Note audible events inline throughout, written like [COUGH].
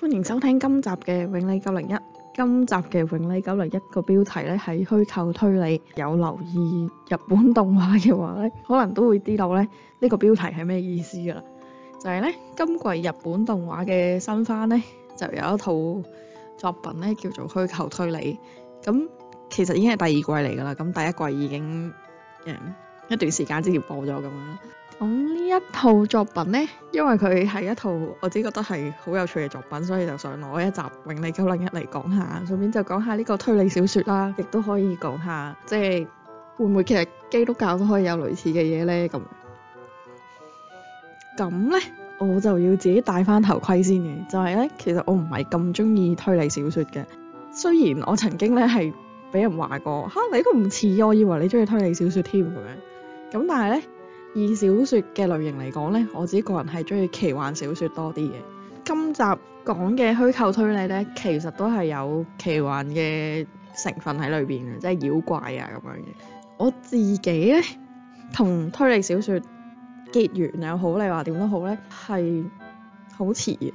歡迎收聽今集嘅永利九零一。今集嘅永利九零一個標題咧係虛構推理。有留意日本動畫嘅話咧，可能都會知道咧呢個標題係咩意思噶啦。就係咧今季日本動畫嘅新番咧就有一套作品咧叫做虛構推理。咁其實已經係第二季嚟噶啦。咁第一季已經誒一段時間之前播咗咁樣啦。咁呢、嗯、一套作品呢，因為佢係一套我自己覺得係好有趣嘅作品，所以就想攞一集《永利九零一》嚟講下，順便就講下呢個推理小說啦，亦都可以講下即係會唔會其實基督教都可以有類似嘅嘢呢？咁。咁咧我就要自己戴翻頭盔先嘅，就係、是、咧其實我唔係咁中意推理小說嘅，雖然我曾經咧係俾人話過吓，你都唔似，我以為你中意推理小說添咁樣，咁但係咧。以小說嘅類型嚟講咧，我自己個人係中意奇幻小說多啲嘅。今集講嘅虛構推理咧，其實都係有奇幻嘅成分喺裏邊嘅，即係妖怪啊咁樣嘅。我自己咧同推理小說結緣又好，你話點都好咧，係好遲嘅。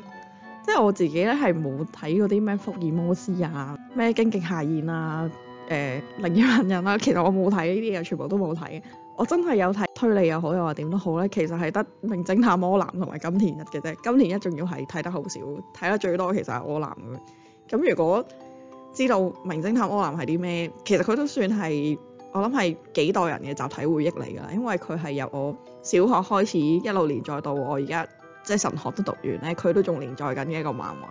即係我自己咧係冇睇啲咩福爾摩斯啊、咩京極夏彥啊、誒綾辻行人啦、啊，其實我冇睇呢啲嘢，全部都冇睇。我真係有睇。推理又好，又話點都好咧，其實係得《名偵探柯南》同埋《金田一》嘅啫。《金田一》仲要係睇得好少，睇得最多其實係柯南咁樣。咁如果知道《名偵探柯南》係啲咩，其實佢都算係我諗係幾代人嘅集體回憶嚟㗎，因為佢係由我小學開始一路連載到我而家，即係神學都讀完咧，佢都仲連載緊嘅一個漫畫。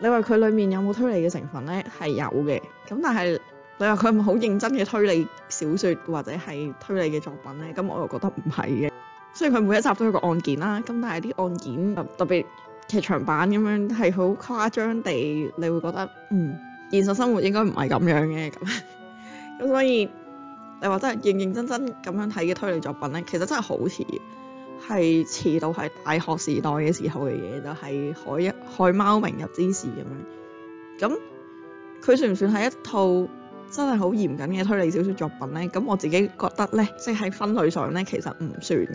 你話佢裡面有冇推理嘅成分咧？係有嘅，咁但係。你話佢係咪好認真嘅推理小説或者係推理嘅作品呢？咁我又覺得唔係嘅。雖然佢每一集都有個案件啦、啊，咁但係啲案件特別劇場版咁樣係好誇張地，你會覺得嗯，現實生活應該唔係咁樣嘅咁。咁 [LAUGHS] 所以你話真係認認真真咁樣睇嘅推理作品呢？其實真係好似係遲到係大學時代嘅時候嘅嘢就係、是、海海貓鳴泣之時咁樣。咁佢算唔算係一套？真係好嚴謹嘅推理小説作品呢。咁我自己覺得呢，即係分類上呢，其實唔算嘅。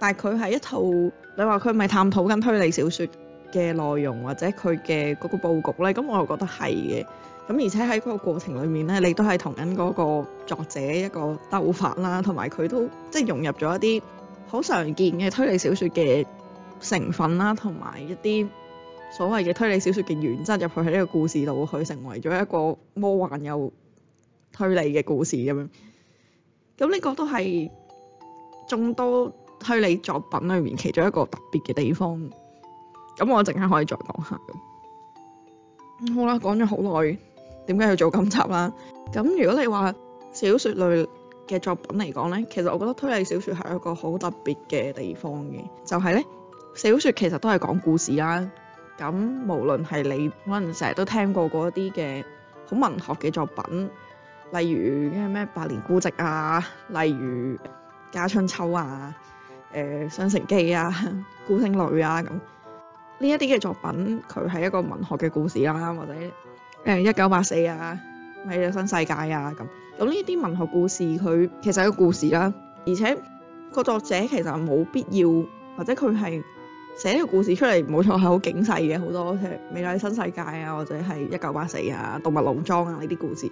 但係佢係一套你話佢咪探討緊推理小説嘅內容或者佢嘅嗰個佈局呢，咁我又覺得係嘅。咁而且喺嗰個過程裡面呢，你都係同緊嗰個作者一個鬥法啦，同埋佢都即係融入咗一啲好常見嘅推理小説嘅成分啦，同埋一啲所謂嘅推理小説嘅原則入去喺呢個故事度，佢成為咗一個魔幻又～推理嘅故事咁樣，咁呢個都係眾多推理作品裏面其中一個特別嘅地方。咁我陣間可以再講下。嗯，好啦，講咗好耐，點解要做今集啦？咁如果你話小説類嘅作品嚟講咧，其實我覺得推理小説係一個好特別嘅地方嘅，就係咧，小説其實都係講故事啦。咁無論係你可能成日都聽過嗰一啲嘅好文學嘅作品。例如咩《百年孤寂》啊，例如《家春秋》啊，誒、呃《雙城記》啊，《孤星淚》啊，咁呢一啲嘅作品，佢係一個文學嘅故事啦、啊，或者誒《一九八四》啊，《美麗新世界》啊，咁咁呢啲文學故事佢其實一個故事啦、啊，而且個作者其實冇必要或者佢係寫呢個故事出嚟冇錯，係好警示嘅，好多《美麗新世界啊》啊，或者係《一九八四》啊，《動物農莊啊》啊呢啲故事。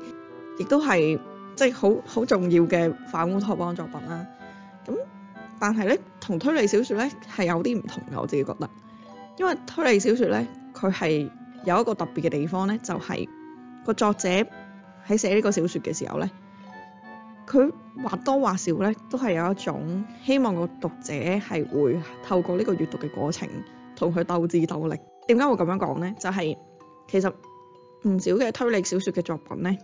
亦都係即係好好重要嘅反烏托邦作品啦。咁但係咧，同推理小説咧係有啲唔同嘅。我自己覺得，因為推理小説咧，佢係有一個特別嘅地方咧，就係、是、個作者喺寫呢個小説嘅時候咧，佢或多或少咧都係有一種希望個讀者係會透過呢個閱讀嘅過程同佢鬥智鬥力。點解會咁樣講咧？就係、是、其實唔少嘅推理小説嘅作品咧。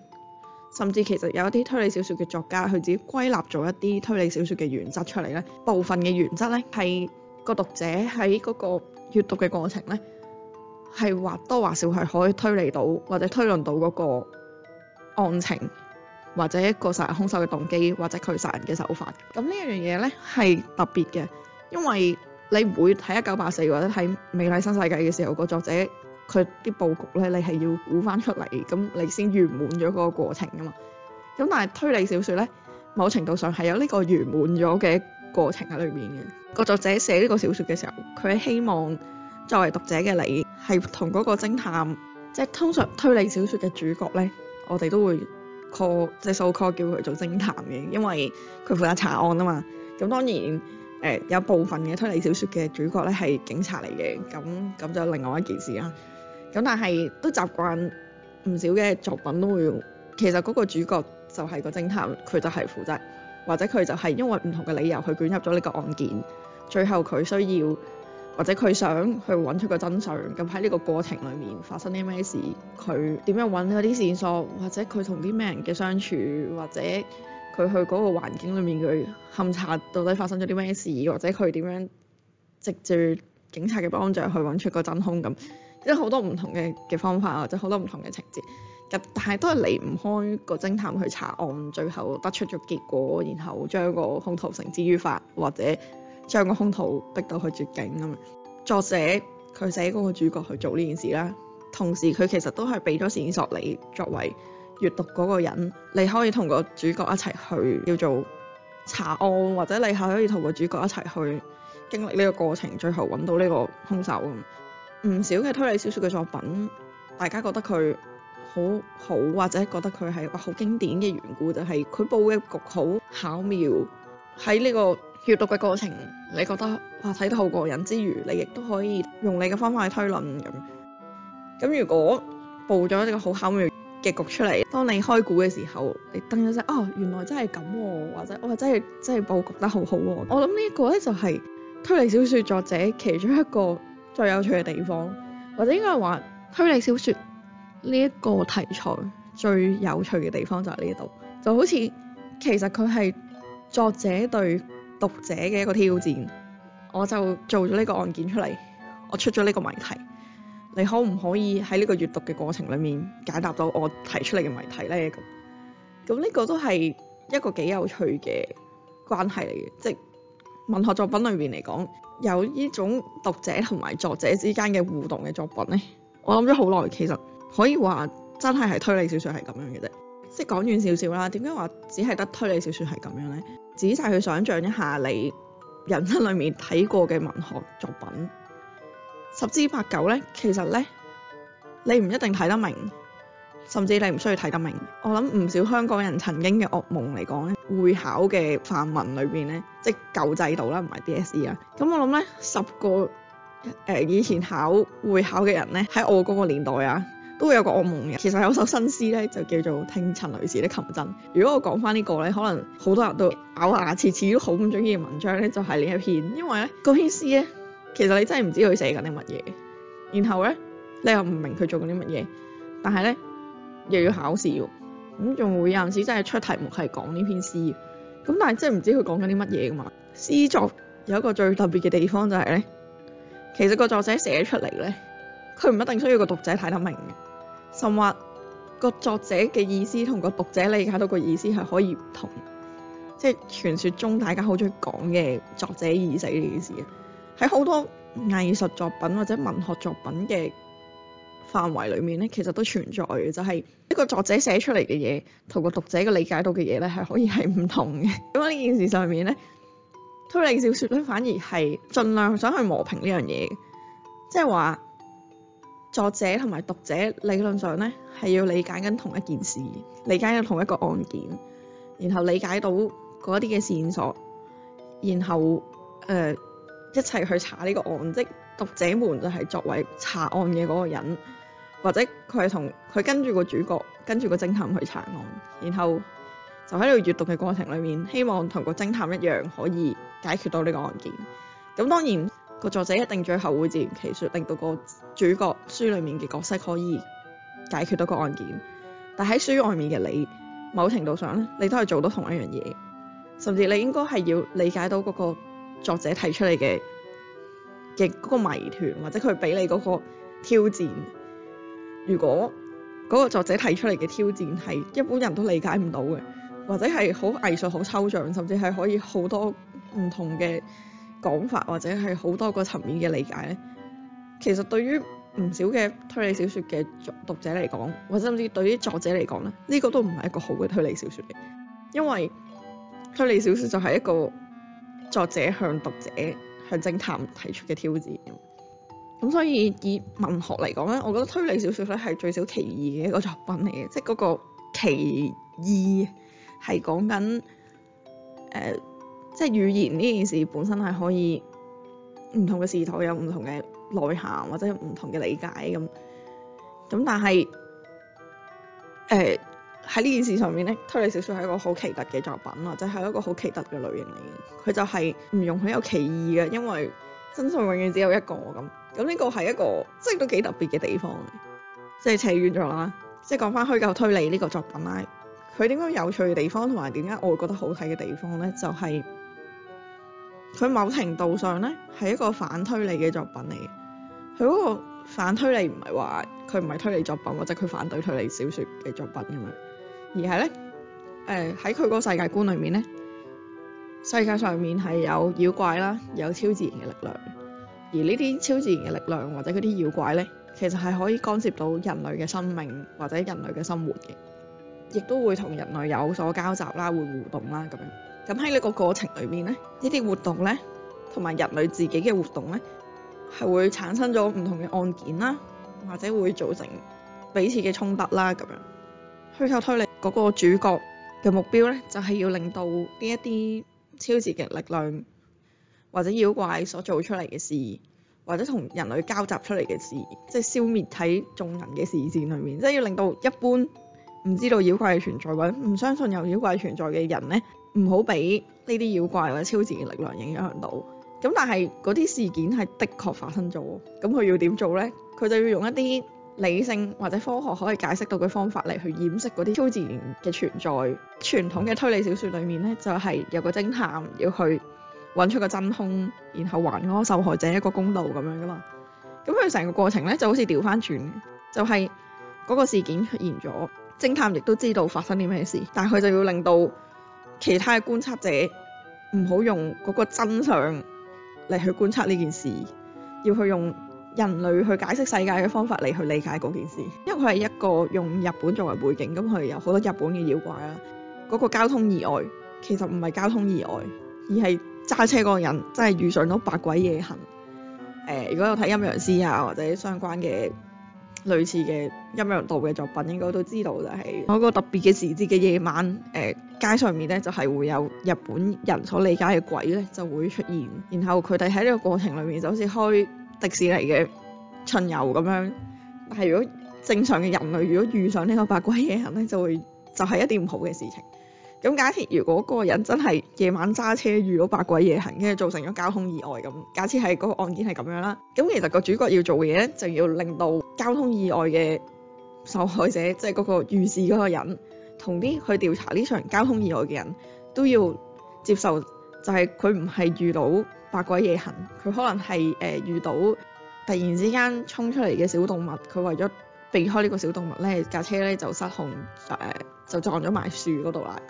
甚至其實有一啲推理小說嘅作家，佢自己歸納咗一啲推理小說嘅原則出嚟。呢部分嘅原則呢，係個讀者喺嗰個閱讀嘅過程呢，係或多或少係可以推理到或者推論到嗰個案情或者一個殺人兇手嘅動機或者佢殺人嘅手法。咁呢一樣嘢呢，係特別嘅，因為你唔會睇《一九八四》或者睇《美麗新世界》嘅時候，個作者。佢啲布局咧，你係要估翻出嚟，咁你先圓滿咗個過程噶嘛。咁但係推理小説咧，某程度上係有呢個圓滿咗嘅過程喺裏面嘅。個作者寫呢個小説嘅時候，佢係希望作為讀者嘅你係同嗰個偵探，即係通常推理小説嘅主角咧，我哋都會 call 即係 so call 叫佢做偵探嘅，因為佢負責查案啊嘛。咁當然誒有部分嘅推理小説嘅主角咧係警察嚟嘅，咁咁就另外一件事啦。咁但係都習慣，唔少嘅作品都會，其實嗰個主角就係個偵探，佢就係負責，或者佢就係因為唔同嘅理由去捲入咗呢個案件，最後佢需要，或者佢想去揾出個真相。咁喺呢個過程裡面發生啲咩事，佢點樣揾到啲線索，或者佢同啲咩人嘅相處，或者佢去嗰個環境裡面去勘查到底發生咗啲咩事，或者佢點樣藉住警察嘅幫助去揾出個真兇咁。即係好多唔同嘅嘅方法或者好多唔同嘅情節，但係都係離唔開個偵探去查案，最後得出咗結果，然後將個兇徒繩之於法，或者將個兇徒逼到去絕境咁。作者佢寫嗰個主角去做呢件事啦，同時佢其實都係俾咗線索你，作為閱讀嗰個人，你可以同個主角一齊去叫做查案，或者你可以同個主角一齊去經歷呢個過程，最後揾到呢個兇手咁。唔少嘅推理小說嘅作品，大家覺得佢好好，或者覺得佢係一個好經典嘅緣故，就係佢布嘅局好巧妙。喺呢個閱讀嘅過程，你覺得哇，睇得好過癮之餘，你亦都可以用你嘅方法去推論咁。咁如果布咗呢個好巧妙嘅局出嚟，當你開估嘅時候，你登咗聲哦，原來真係咁，啊，或者哇、哦，真係真係布局得好好，啊。我諗呢一個咧就係推理小說作者其中一個最有趣嘅地方，或者應該係話推理小說呢一個題材最有趣嘅地方就係呢度。就好似其實佢係作者對讀者嘅一個挑戰，我就做咗呢個案件出嚟，我出咗呢個謎題，你可唔可以喺呢個閱讀嘅過程裏面解答到我提出嚟嘅謎題咧？咁咁呢個都係一個幾有趣嘅關係嚟嘅，即文學作品裏邊嚟講。有呢種讀者同埋作者之間嘅互動嘅作品呢， [LAUGHS] 我諗咗好耐，其實可以話真係係推理小説係咁樣嘅啫。即講遠少少啦，點解話只係得推理小説係咁樣呢？仔細去想象一下，你人生裡面睇過嘅文學作品，十之八九呢，其實呢，你唔一定睇得明。甚至你唔需要睇得明。我諗唔少香港人曾經嘅噩夢嚟講咧，會考嘅範文裏邊咧，即係舊制度啦，唔係 DSE 啦。咁我諗咧，十個誒、呃、以前考會考嘅人咧，喺我嗰個年代啊，都會有個噩夢嘅。其實有首新詩咧，就叫做《聽陳蕾士的琴箏》。如果我講翻呢個咧，可能好多人都咬牙切齒，好唔中意嘅文章咧，就係、是、呢一篇，因為咧嗰篇詩咧，其實你真係唔知佢寫緊啲乜嘢，然後咧你又唔明佢做緊啲乜嘢，但係咧。又要考試喎、啊，咁、嗯、仲會有陣時真係出題目係講呢篇詩、啊，咁但係真係唔知佢講緊啲乜嘢噶嘛？詩作有一個最特別嘅地方就係咧，其實個作者寫出嚟咧，佢唔一定需要個讀者睇得明嘅，甚或、個作者嘅意思同個讀者理解到個意思係可以唔同，即係傳說中大家好中意講嘅作者已死意死呢件事，喺好多藝術作品或者文學作品嘅範圍裏面咧，其實都存在嘅就係、是。一個作者寫出嚟嘅嘢，同個讀者嘅理解到嘅嘢咧，係可以係唔同嘅。咁喺呢件事上面咧，推理小說咧反而係盡量想去磨平呢樣嘢，即係話作者同埋讀者理論上咧係要理解緊同一件事，理解緊同一個案件，然後理解到嗰啲嘅線索，然後誒、呃、一齊去查呢個案跡。即讀者們就係作為查案嘅嗰個人。或者佢係同佢跟住個主角，跟住個偵探去查案，然後就喺度閲讀嘅過程裏面，希望同個偵探一樣可以解決到呢個案件。咁當然，個作者一定最後會自圓其説，令到個主角書裡面嘅角色可以解決到個案件。但喺書外面嘅你，某程度上咧，你都係做到同一樣嘢，甚至你應該係要理解到嗰個作者提出嚟嘅嘅嗰個謎團，或者佢俾你嗰個挑戰。如果嗰個作者提出嚟嘅挑戰係一般人都理解唔到嘅，或者係好藝術、好抽象，甚至係可以好多唔同嘅講法，或者係好多個層面嘅理解咧，其實對於唔少嘅推理小說嘅讀讀者嚟講，或者甚至對於作者嚟講咧，呢個都唔係一個好嘅推理小說嚟，因為推理小說就係一個作者向讀者向偵探提出嘅挑戰。咁所以以文學嚟講咧，我覺得推理小說咧係最少歧義嘅一個作品嚟嘅，即係嗰個歧義係講緊誒，即係語言呢件事本身係可以唔同嘅視圖有唔同嘅內涵或者唔同嘅理解咁。咁但係誒喺呢件事上面咧，推理小說係一個好奇特嘅作品或者係一個好奇特嘅類型嚟嘅，佢就係唔容許有歧義嘅，因為真相永遠只有一個咁。咁呢個係一個即係都幾特別嘅地方嚟，即係扯遠咗啦。即係講翻虛構推理呢個作品啦，佢點解有趣嘅地方同埋點解我會覺得好睇嘅地方咧，就係、是、佢某程度上咧係一個反推理嘅作品嚟嘅。佢嗰個反推理唔係話佢唔係推理作品或者佢反對推理小說嘅作品咁樣，而係咧誒喺佢嗰個世界觀裏面咧，世界上面係有妖怪啦，有超自然嘅力量。而呢啲超自然嘅力量或者嗰啲妖怪咧，其實係可以干涉到人類嘅生命或者人類嘅生活嘅，亦都會同人類有所交集啦，會互動啦咁樣，咁喺呢個過程裏面咧，呢啲活動咧同埋人類自己嘅活動咧，係會產生咗唔同嘅案件啦，或者會造成彼此嘅衝突啦咁樣，虛構推理嗰個主角嘅目標咧，就係要令到呢一啲超自然嘅力量。或者妖怪所做出嚟嘅事，或者同人類交集出嚟嘅事，即係消滅喺眾人嘅視線裏面，即係要令到一般唔知道妖怪嘅存在或者唔相信有妖怪存在嘅人咧，唔好俾呢啲妖怪或者超自然力量影響到。咁但係嗰啲事件係的確發生咗，咁佢要點做咧？佢就要用一啲理性或者科學可以解釋到嘅方法嚟去掩飾嗰啲超自然嘅存在。傳統嘅推理小說裏面咧，就係有個偵探要去。揾出個真兇，然後還嗰受害者一個公道咁樣噶嘛。咁佢成個過程咧，就好似調翻轉就係、是、嗰個事件出現咗，偵探亦都知道發生啲咩事，但係佢就要令到其他嘅觀察者唔好用嗰個真相嚟去觀察呢件事，要去用人類去解釋世界嘅方法嚟去理解嗰件事。因為佢係一個用日本作為背景，咁佢有好多日本嘅妖怪啦。嗰、那個交通意外其實唔係交通意外，而係～揸車嗰個人真係遇上到百鬼夜行。誒、呃，如果有睇陰陽師啊或者相關嘅類似嘅陰陽道嘅作品，應該都知道就係嗰個特別嘅時節嘅夜晚，誒、呃、街上面咧就係、是、會有日本人所理解嘅鬼咧就會出現，然後佢哋喺呢個過程裏面就好似開迪士尼嘅巡遊咁樣。但係如果正常嘅人類如果遇上呢個百鬼夜行咧，就會就係一啲唔好嘅事情。咁假設如果嗰個人真係夜晚揸車遇到百鬼夜行，跟住造成咗交通意外咁，假設係嗰、那個案件係咁樣啦。咁其實個主角要做嘅嘢咧，就要令到交通意外嘅受害者，即係嗰個遇事嗰個人，同啲去調查呢場交通意外嘅人都要接受，就係佢唔係遇到百鬼夜行，佢可能係誒、呃、遇到突然之間衝出嚟嘅小動物，佢為咗避開呢個小動物咧，架車咧就失控，誒、呃、就撞咗埋樹嗰度啦。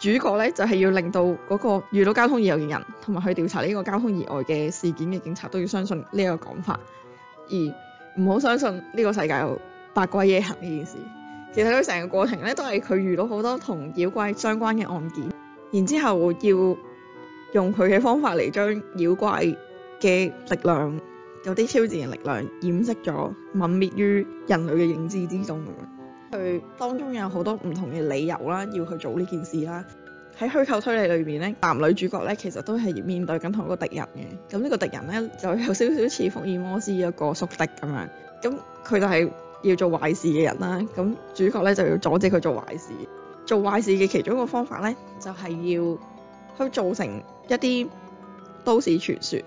主角咧就係要令到嗰個遇到交通意外嘅人，同埋去調查呢個交通意外嘅事件嘅警察都要相信呢一個講法，而唔好相信呢個世界有百鬼夜行呢件事。其實，佢成個過程咧都係佢遇到好多同妖怪相關嘅案件，然之後要用佢嘅方法嚟將妖怪嘅力量，有啲超自然力量掩飾咗，泯滅於人類嘅認知之中咁樣。佢當中有好多唔同嘅理由啦，要去做呢件事啦。喺虛構推理裏面咧，男女主角咧其實都係面對緊同一個敵人嘅。咁呢個敵人咧就有少少似福爾摩斯一個宿敵咁樣。咁佢就係要做壞事嘅人啦。咁主角咧就要阻止佢做壞事。做壞事嘅其中一個方法咧，就係要去造成一啲都市傳說，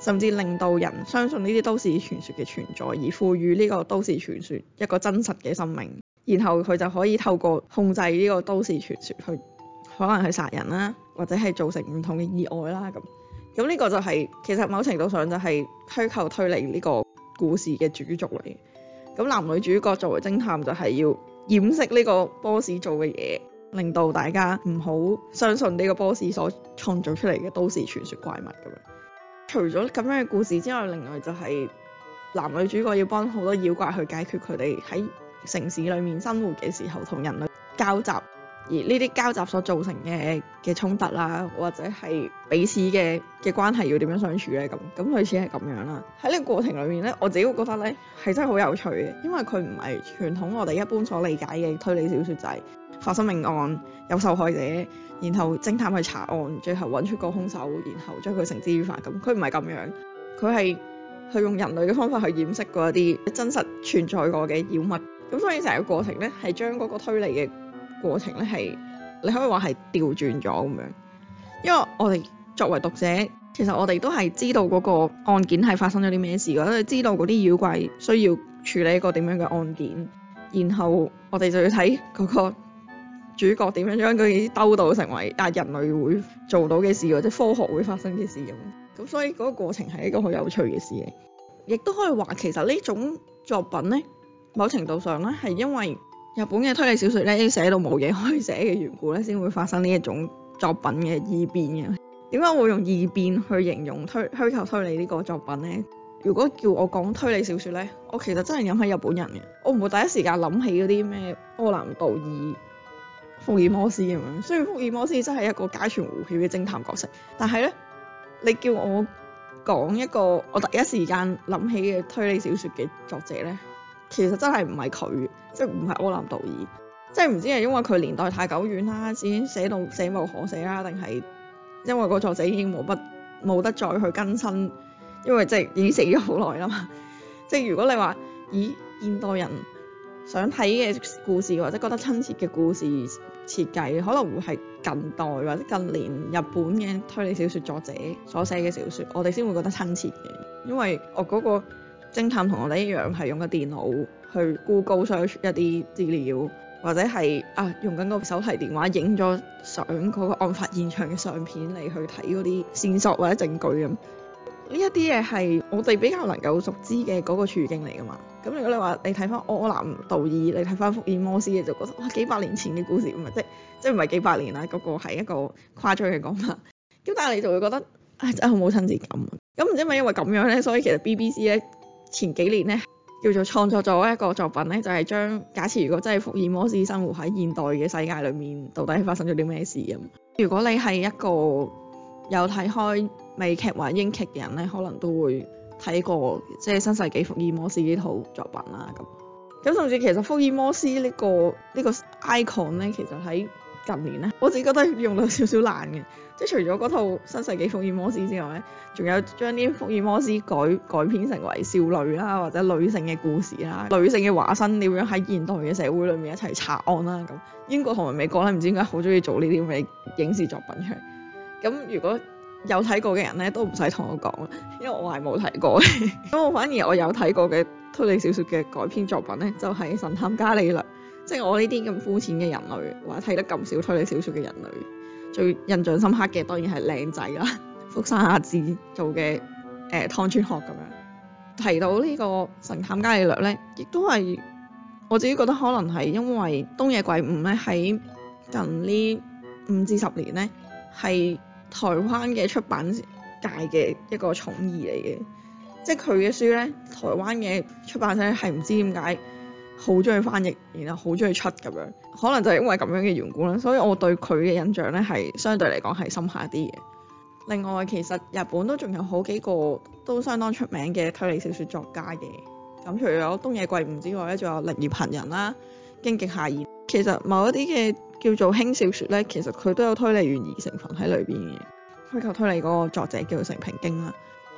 甚至令到人相信呢啲都市傳說嘅存在，而賦予呢個都市傳說一個真實嘅生命。然後佢就可以透過控制呢個都市傳說去，可能去殺人啦，或者係造成唔同嘅意外啦咁。咁呢個就係、是、其實某程度上就係虛構推理呢個故事嘅主軸嚟嘅。咁男女主角作為偵探就係要掩飾呢個 boss 做嘅嘢，令到大家唔好相信呢個 boss 所創造出嚟嘅都市傳說怪物咁樣。除咗咁樣嘅故事之外，另外就係男女主角要幫好多妖怪去解決佢哋喺城市裏面生活嘅時候，同人類交集，而呢啲交集所造成嘅嘅衝突啦、啊，或者係彼此嘅嘅關係要點樣相處咧？咁咁類似係咁樣啦。喺呢個過程裏面咧，我自己會覺得咧係真係好有趣嘅，因為佢唔係傳統我哋一般所理解嘅推理小説就係發生命案有受害者，然後偵探去查案，最後揾出個凶手，然後將佢繩之於法。咁佢唔係咁樣，佢係佢用人類嘅方法去掩飾過一啲真實存在過嘅妖物。咁所以成個過程咧，係將嗰個推理嘅過程咧係，你可，可以話係調轉咗咁樣。因為我哋作為讀者，其實我哋都係知道嗰個案件係發生咗啲咩事㗎，即係知道嗰啲妖怪需要處理一個點樣嘅案件，然後我哋就要睇嗰個主角點樣將佢兜到成為啊人類會做到嘅事，或者科學會發生嘅事咁。咁所以嗰個過程係一個好有趣嘅事嚟。亦都可以話，其實呢種作品咧。某程度上咧，係因為日本嘅推理小說咧，已經寫到冇嘢可以寫嘅緣故咧，先會發生呢一種作品嘅異變嘅。點解我會用異變去形容推虛構推，推理呢個作品咧？如果叫我講推理小說咧，我其實真係諗起日本人嘅。我唔會第一時間諗起嗰啲咩柯南道爾、福爾摩斯咁樣。雖然福爾摩斯真係一個家傳戶曉嘅偵探角色，但係咧，你叫我講一個我第一時間諗起嘅推理小說嘅作者咧？其實真係唔係佢，即係唔係柯南道爾，即係唔知係因為佢年代太久遠啦，已經寫到寫無可寫啦，定係因為個作者已經冇乜冇得再去更新，因為即係已經死咗好耐啦嘛。即係如果你話，咦，現代人想睇嘅故事或者覺得親切嘅故事設計，可能會係近代或者近年日本嘅推理小説作者所寫嘅小説，我哋先會覺得親切嘅，因為我嗰、嗰個。偵探同我哋一樣係用緊電腦去 Google search 一啲資料，或者係啊用緊個手提電話影咗相嗰個案發現場嘅相片嚟去睇嗰啲線索或者證據咁。呢一啲嘢係我哋比較能夠熟知嘅嗰個處境嚟㗎嘛。咁如果你話你睇翻柯南道爾，你睇翻福爾摩斯，你就覺得哇，幾百年前嘅故事唔係即即唔係幾百年啊，嗰個係一個誇張嘅講法。咁但係你就會覺得唉，真係好冇親切感。咁唔知係咪因為咁樣咧，所以其實 B B C 咧。前幾年咧，叫做創作咗一個作品咧，就係將假設如果真係福爾摩斯生活喺現代嘅世界裏面，到底發生咗啲咩事咁。如果你係一個有睇開美劇或者英劇嘅人咧，可能都會睇過即係《新世紀福爾摩斯》呢套作品啦咁。咁甚至其實福爾摩斯呢個呢個 icon 咧，其實喺近年咧，我自己覺得用到少少爛嘅。即係除咗嗰套《新世紀福爾摩斯》之外咧，仲有將啲福爾摩斯改改編成為少女啦，或者女性嘅故事啦，女性嘅化身點樣喺現代嘅社會裡面一齊查案啦咁。英國同埋美國咧，唔知點解好中意做呢啲咁嘅影視作品出嚟。咁如果有睇過嘅人咧，都唔使同我講啦，因為我係冇睇過嘅。咁 [LAUGHS] 我反而我有睇過嘅推理小說嘅改編作品咧，就係、是《神探伽利略》。即係我呢啲咁膚淺嘅人類，或者睇得咁少推理小說嘅人類。最印象深刻嘅當然係靚仔啦，福山雅治做嘅誒湯川學咁樣。提到呢個神探伽利略咧，亦都係我自己覺得可能係因為東野圭吾咧喺近呢五至十年咧係台灣嘅出版界嘅一個寵兒嚟嘅，即係佢嘅書咧，台灣嘅出版社係唔知點解。好中意翻譯，然後好中意出咁樣，可能就係因為咁樣嘅緣故啦，所以我對佢嘅印象咧係相對嚟講係深刻啲嘅。另外其實日本都仲有好幾個都相當出名嘅推理小說作家嘅，咁除咗東野圭吾之外咧，仲有綾辻行人啦、京極夏彥。其實某一啲嘅叫做輕小說咧，其實佢都有推理懸疑成分喺裏邊嘅。虛構推理嗰個作者叫做成平京啦。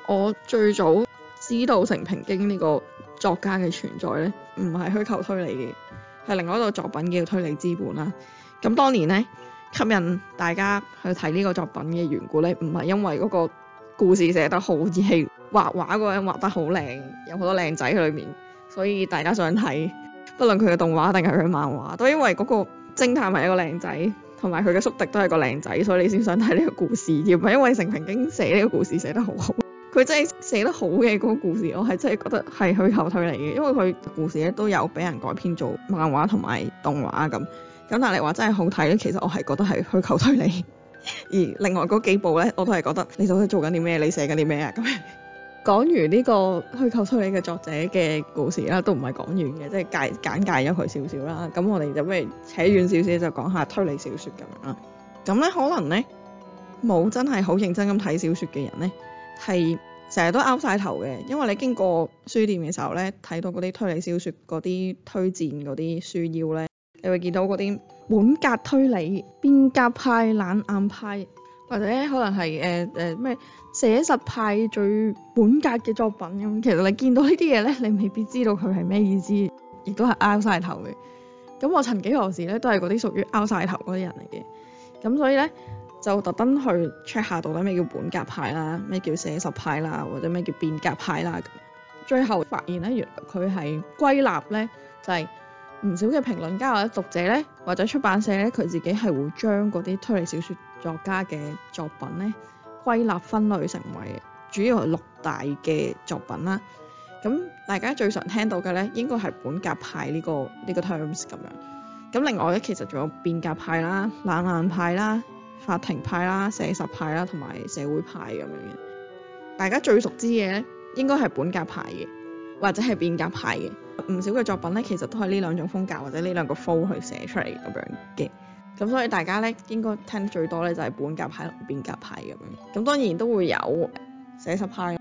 我最早知道成平京呢、這個。作家嘅存在咧，唔係虛構推理嘅，係另外一個作品叫推理之本啦。咁當年咧，吸引大家去睇呢個作品嘅緣故咧，唔係因為嗰個故事寫得好，而係畫畫個人畫得好靚，有好多靚仔裏面，所以大家想睇。不論佢嘅動畫定係佢漫畫，都因為嗰個偵探係一個靚仔，同埋佢嘅宿敵都係個靚仔，所以你先想睇呢個故事，而唔係因為城平京寫呢個故事寫得好好。佢真係寫得好嘅嗰個故事，我係真係覺得係虛構推理嘅，因為佢故事咧都有俾人改編做漫畫同埋動畫咁。咁但係你話真係好睇咧，其實我係覺得係虛構推理。而另外嗰幾部咧，我都係覺得你到底做緊啲咩？你寫緊啲咩啊？咁樣講完呢個虛構推理嘅作者嘅故事啦，都唔係講完嘅，即係介簡介咗佢少少啦。咁我哋就不如扯遠少少，就講下推理小説，咁、嗯、樣啦。咁咧可能咧冇真係好認真咁睇小説嘅人咧，係成日都拗晒頭嘅，因為你經過書店嘅時候咧，睇到嗰啲推理小説嗰啲推薦嗰啲書腰咧，你會見到嗰啲本格推理、變格派、冷硬派，或者可能係誒誒咩寫實派最本格嘅作品咁。其實你見到呢啲嘢咧，你未必知道佢係咩意思，亦都係拗晒頭嘅。咁我曾幾何時咧，都係嗰啲屬於拗晒頭嗰啲人嚟嘅。咁所以咧。就特登去 check 下到底咩叫本格派啦，咩叫寫實派啦，或者咩叫變格派啦。最後發現呢，原來佢係歸納呢，就係、是、唔少嘅評論家或者讀者呢，或者出版社呢，佢自己係會將嗰啲推理小説作家嘅作品呢，歸納分類成為主要係六大嘅作品啦。咁大家最常聽到嘅呢，應該係本格派呢個呢、呢個 terms 咁樣。咁另外呢，其實仲有變格派啦、冷硬派啦。法庭派啦、寫實派啦同埋社會派咁樣嘅，大家最熟知嘅咧，應該係本格派嘅，或者係變格派嘅。唔少嘅作品咧，其實都係呢兩種風格或者呢兩個風格去寫出嚟咁樣嘅。咁所以大家咧應該聽得最多咧就係本格派同變格派咁樣。咁當然都會有寫實派。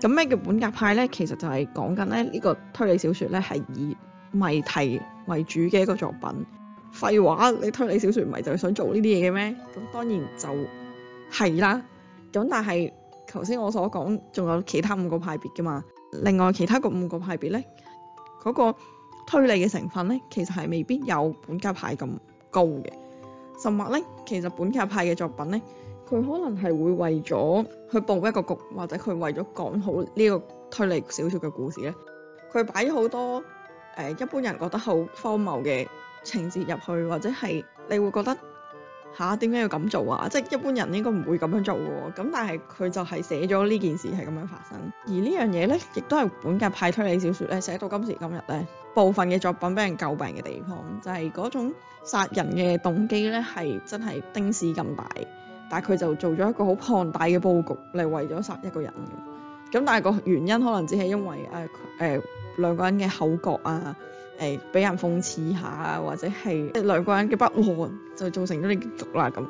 咁咩叫本格派咧？其實就係講緊咧呢個推理小説咧係以謎題為主嘅一個作品。廢話，你推理小説唔係就係想做呢啲嘢嘅咩？咁當然就係啦。咁但係頭先我所講仲有其他五個派別㗎嘛。另外其他個五個派別咧，嗰、那個推理嘅成分咧，其實係未必有本格派咁高嘅。甚至咧，其實本格派嘅作品咧，佢可能係會為咗去布一個局，或者佢為咗講好呢個推理小説嘅故事咧，佢擺咗好多誒、呃、一般人覺得好荒謬嘅。情節入去，或者係你會覺得嚇，點解要咁做啊？做，即係一般人應該唔會咁樣做喎。咁但係佢就係寫咗呢件事係咁樣發生。而呢樣嘢呢，亦都係本格派推理小説咧寫到今時今日呢，部分嘅作品俾人詬病嘅地方，就係、是、嗰種殺人嘅動機呢係真係丁屎咁大，但係佢就做咗一個好龐大嘅佈局嚟為咗殺一個人咁。咁但係個原因可能只係因為誒誒兩個人嘅口角啊。誒俾、欸、人諷刺下，或者係兩個人嘅不和就造成咗結局啦咁。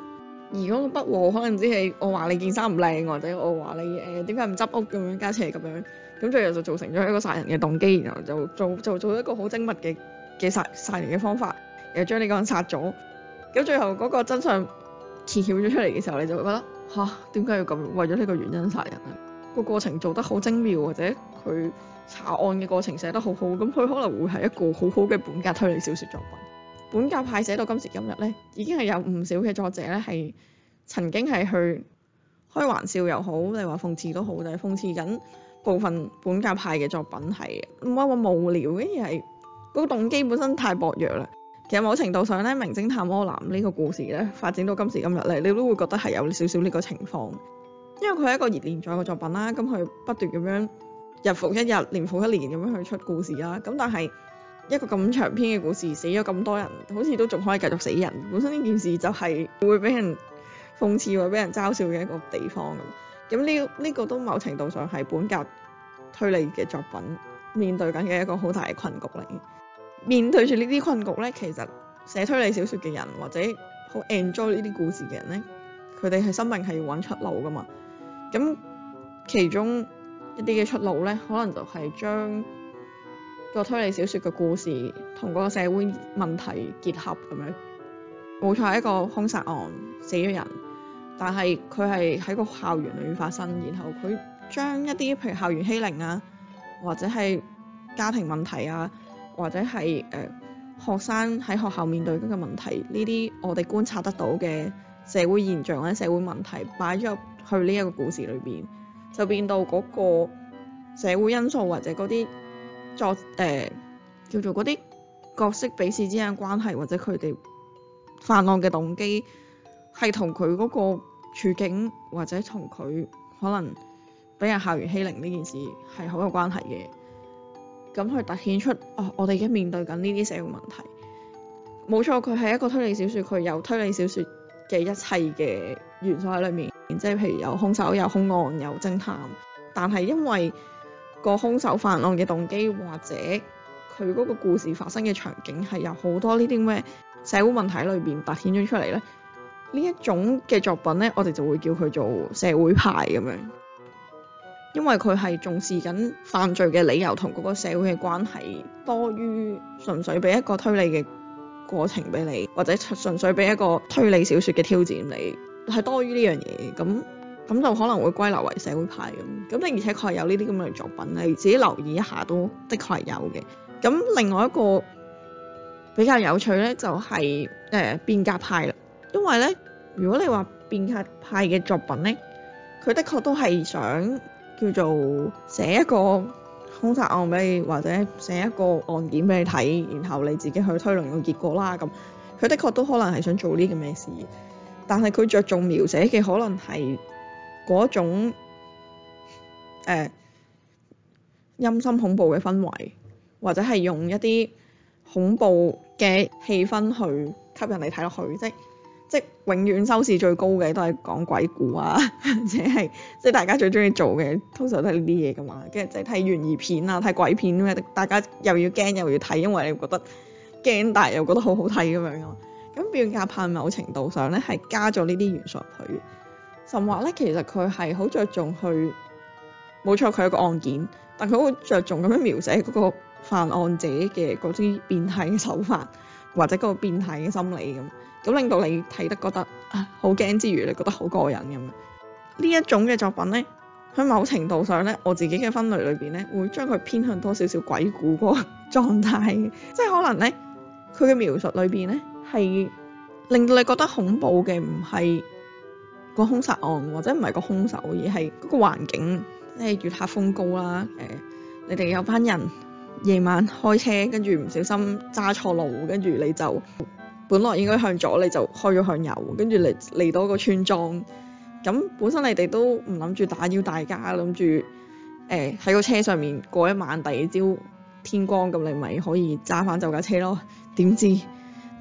而嗰個不和可能只係我話你件衫唔靚，或者我話你誒點解唔執屋咁樣加車咁樣，咁最後就造成咗一個殺人嘅動機，然後就做做做一個好精密嘅嘅殺殺人嘅方法，然後將呢個人殺咗。咁最後嗰個真相揭曉咗出嚟嘅時候，你就會覺得吓，點、啊、解要咁為咗呢個原因殺人啊？個過程做得好精妙，或者佢。查案嘅過程寫得好好，咁佢可能會係一個好好嘅本格推理小說作品。本格派寫到今時今日咧，已經係有唔少嘅作者咧，係曾經係去開玩笑又好，你話諷刺都好，就係諷刺緊部分本格派嘅作品係唔係話無聊嘅，而係個動機本身太薄弱啦。其實某程度上咧，《名偵探柯南》呢個故事咧，發展到今時今日咧，你都會覺得係有少少呢個情況，因為佢係一個熱連載嘅作品啦，咁佢不斷咁樣。日復一日，年復一年咁樣去出故事啦。咁但係一個咁長篇嘅故事，死咗咁多人，好似都仲可以繼續死人。本身呢件事就係會俾人諷刺或者俾人嘲笑嘅一個地方咁。咁呢呢個都某程度上係本格推理嘅作品面對緊嘅一個好大嘅困局嚟。面對住呢啲困局咧，其實寫推理小説嘅人或者好 enjoy 呢啲故事嘅人咧，佢哋係生命係要揾出路噶嘛。咁其中一啲嘅出路咧，可能就係將個推理小説嘅故事同個社會問題結合咁樣。冇錯，係一個兇殺案，死咗人，但係佢係喺個校園裏面發生，然後佢將一啲譬如校園欺凌啊，或者係家庭問題啊，或者係誒、呃、學生喺學校面對嘅問題，呢啲我哋觀察得到嘅社會現象或者社會問題，擺咗入去呢一個故事裏邊。就變到嗰個社會因素或者嗰啲作誒、呃、叫做嗰啲角色彼此之間關係或者佢哋犯案嘅動機係同佢嗰個處境或者同佢可能俾人校園欺凌呢件事係好有關係嘅。咁去突顯出哦，我哋而家面對緊呢啲社會問題。冇錯，佢係一個推理小説，佢有推理小説嘅一切嘅元素喺裏面，即係譬如有兇手、有兇案、有偵探，但係因為個兇手犯案嘅動機或者佢嗰個故事發生嘅場景係有好多呢啲咩社會問題裏邊凸顯咗出嚟咧，呢一種嘅作品咧，我哋就會叫佢做社會派咁樣，因為佢係重視緊犯罪嘅理由同嗰個社會嘅關係多於純粹俾一個推理嘅過程俾你，或者純粹俾一個推理小說嘅挑戰你。係多於呢樣嘢，咁咁就可能會歸納為社會派咁，咁即而且佢係有呢啲咁樣作品咧，你自己留意一下都的確係有嘅。咁另外一個比較有趣咧，就是，就係誒變格派啦，因為咧如果你話變格派嘅作品咧，佢的確都係想叫做寫一個兇殺案俾你，或者寫一個案件俾你睇，然後你自己去推論個結果啦咁。佢的確都可能係想做呢啲咁嘅事。但係佢着重描寫嘅可能係嗰種誒、呃、陰森恐怖嘅氛圍，或者係用一啲恐怖嘅氣氛去吸引你睇落去，即即永遠收視最高嘅都係講鬼故啊，或者係即大家最中意做嘅，通常都係呢啲嘢㗎嘛，跟住即睇懸疑片啊，睇鬼片咁樣，大家又要驚又要睇，因為你會覺得驚，但係又覺得好好睇咁樣㗎嘛。咁變格派某程度上咧，係加咗呢啲元素入去，甚至咧，其實佢係好着重去冇錯，佢係個案件，但佢好着重咁樣描寫嗰個犯案者嘅嗰啲變態嘅手法或者個變態嘅心理咁，咁令到你睇得覺得啊好驚之餘，你覺得好過癮咁樣呢一種嘅作品咧，喺某程度上咧，我自己嘅分類裏邊咧，會將佢偏向多少少鬼故嗰個狀態，即係可能咧，佢嘅描述裏邊咧。係令到你覺得恐怖嘅唔係個凶殺案或者唔係個凶手，而係嗰個環境，即係月黑風高啦。誒、呃，你哋有班人夜晚開車，跟住唔小心揸錯路，跟住你就本來應該向左，你就開咗向右，跟住嚟嚟到個村莊。咁本身你哋都唔諗住打擾大家，諗住誒喺個車上面過一晚，第二朝天光咁，你咪可以揸翻就架車咯。點知？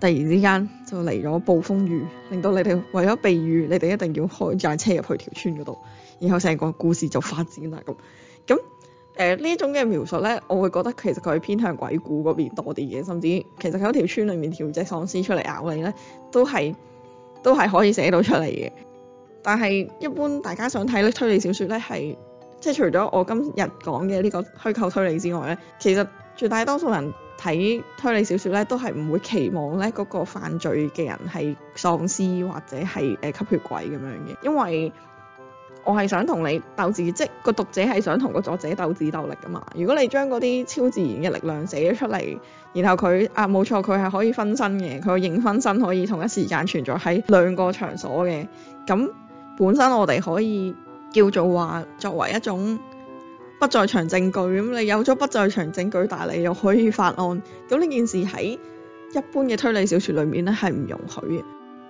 突然之間就嚟咗暴風雨，令到你哋為咗避雨，你哋一定要開架車入去條村嗰度，然後成個故事就發展啦咁。咁誒呢種嘅描述咧，我會覺得其實佢偏向鬼故嗰邊多啲嘅，甚至其實佢條村裏面條隻喪屍出嚟咬你咧，都係都係可以寫到出嚟嘅。但係一般大家想睇啲推理小説咧，係即係除咗我今日講嘅呢個虛構推理之外咧，其實絕大多數人。睇推理小説咧，都係唔會期望咧，嗰個犯罪嘅人係喪屍或者係誒吸血鬼咁樣嘅，因為我係想同你鬥智，即係個讀者係想同個作者鬥智鬥力㗎嘛。如果你將嗰啲超自然嘅力量寫咗出嚟，然後佢啊，冇錯，佢係可以分身嘅，佢個影分身可以同一時間存在喺兩個場所嘅，咁本身我哋可以叫做話作為一種。不在場證據，咁你有咗不在場證據，但你又可以發案。咁呢件事喺一般嘅推理小説裏面咧係唔容許嘅。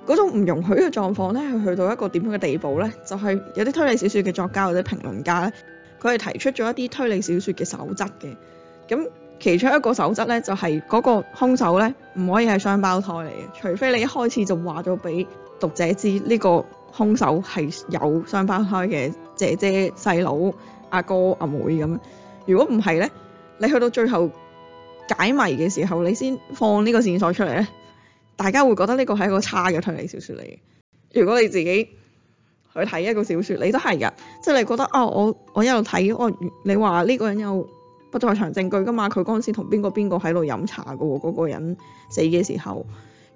嗰種唔容許嘅狀況咧係去到一個點樣嘅地步咧，就係有啲推理小説嘅作家或者評論家咧，佢係提出咗一啲推理小説嘅守則嘅。咁其中一個守則咧，就係嗰個兇手咧唔可以係雙胞胎嚟嘅，除非你一開始就話咗俾讀者知呢個兇手係有雙胞胎嘅姐姐細佬、弟弟阿哥阿妹咁樣，如果唔係咧，你去到最後解謎嘅時候，你先放呢個線索出嚟咧，大家會覺得呢個係一個差嘅推理小説嚟。如果你自己去睇一個小説，你都係噶，即係你覺得啊、哦，我我一路睇，我你話呢個人有不在場證據㗎嘛，佢嗰陣時同邊個邊個喺度飲茶㗎喎，嗰、嗰個人死嘅時候。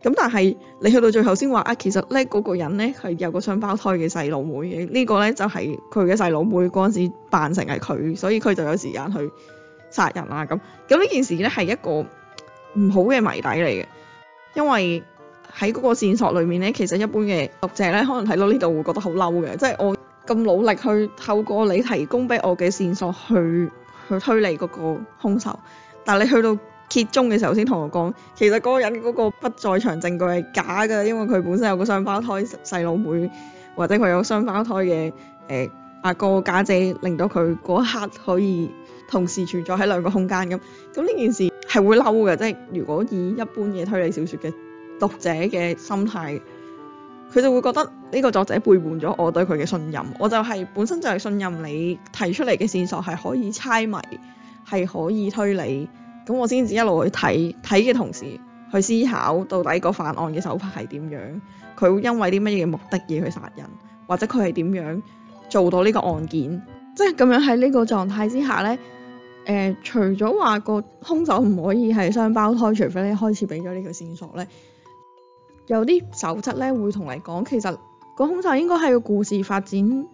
咁但係你去到最後先話啊，其實咧，嗰、那個人咧係有個雙胞胎嘅細佬妹嘅，這個、呢個咧就係佢嘅細佬妹嗰陣時扮成係佢，所以佢就有時間去殺人啊，咁。咁呢件事咧係一個唔好嘅謎底嚟嘅，因為喺嗰個線索裏面咧，其實一般嘅讀者咧可能睇到呢度會覺得好嬲嘅，即、就、係、是、我咁努力去透過你提供俾我嘅線索去去推理嗰個兇手，但你去到揭盅嘅時候先同我講，其實嗰個人嗰個不在場證據係假㗎，因為佢本身有個雙胞胎細佬妹，或者佢有雙胞胎嘅誒阿哥家姐，姐，令到佢嗰刻可以同時存在喺兩個空間咁。咁呢件事係會嬲㗎，即係如果以一般嘅推理小説嘅讀者嘅心態，佢就會覺得呢個作者背叛咗我對佢嘅信任。我就係本身就係信任你提出嚟嘅線索係可以猜謎，係可以推理。咁我先至一路去睇，睇嘅同時去思考到底個犯案嘅手法係點樣，佢會因為啲乜嘢目的而去殺人，或者佢係點樣做到呢個案件？即係咁樣，喺呢個狀態之下咧，誒、呃、除咗話個兇手唔可以係雙胞胎，除非你開始俾咗呢個線索咧，有啲守則咧會同你講，其實個兇手應該喺個故事發展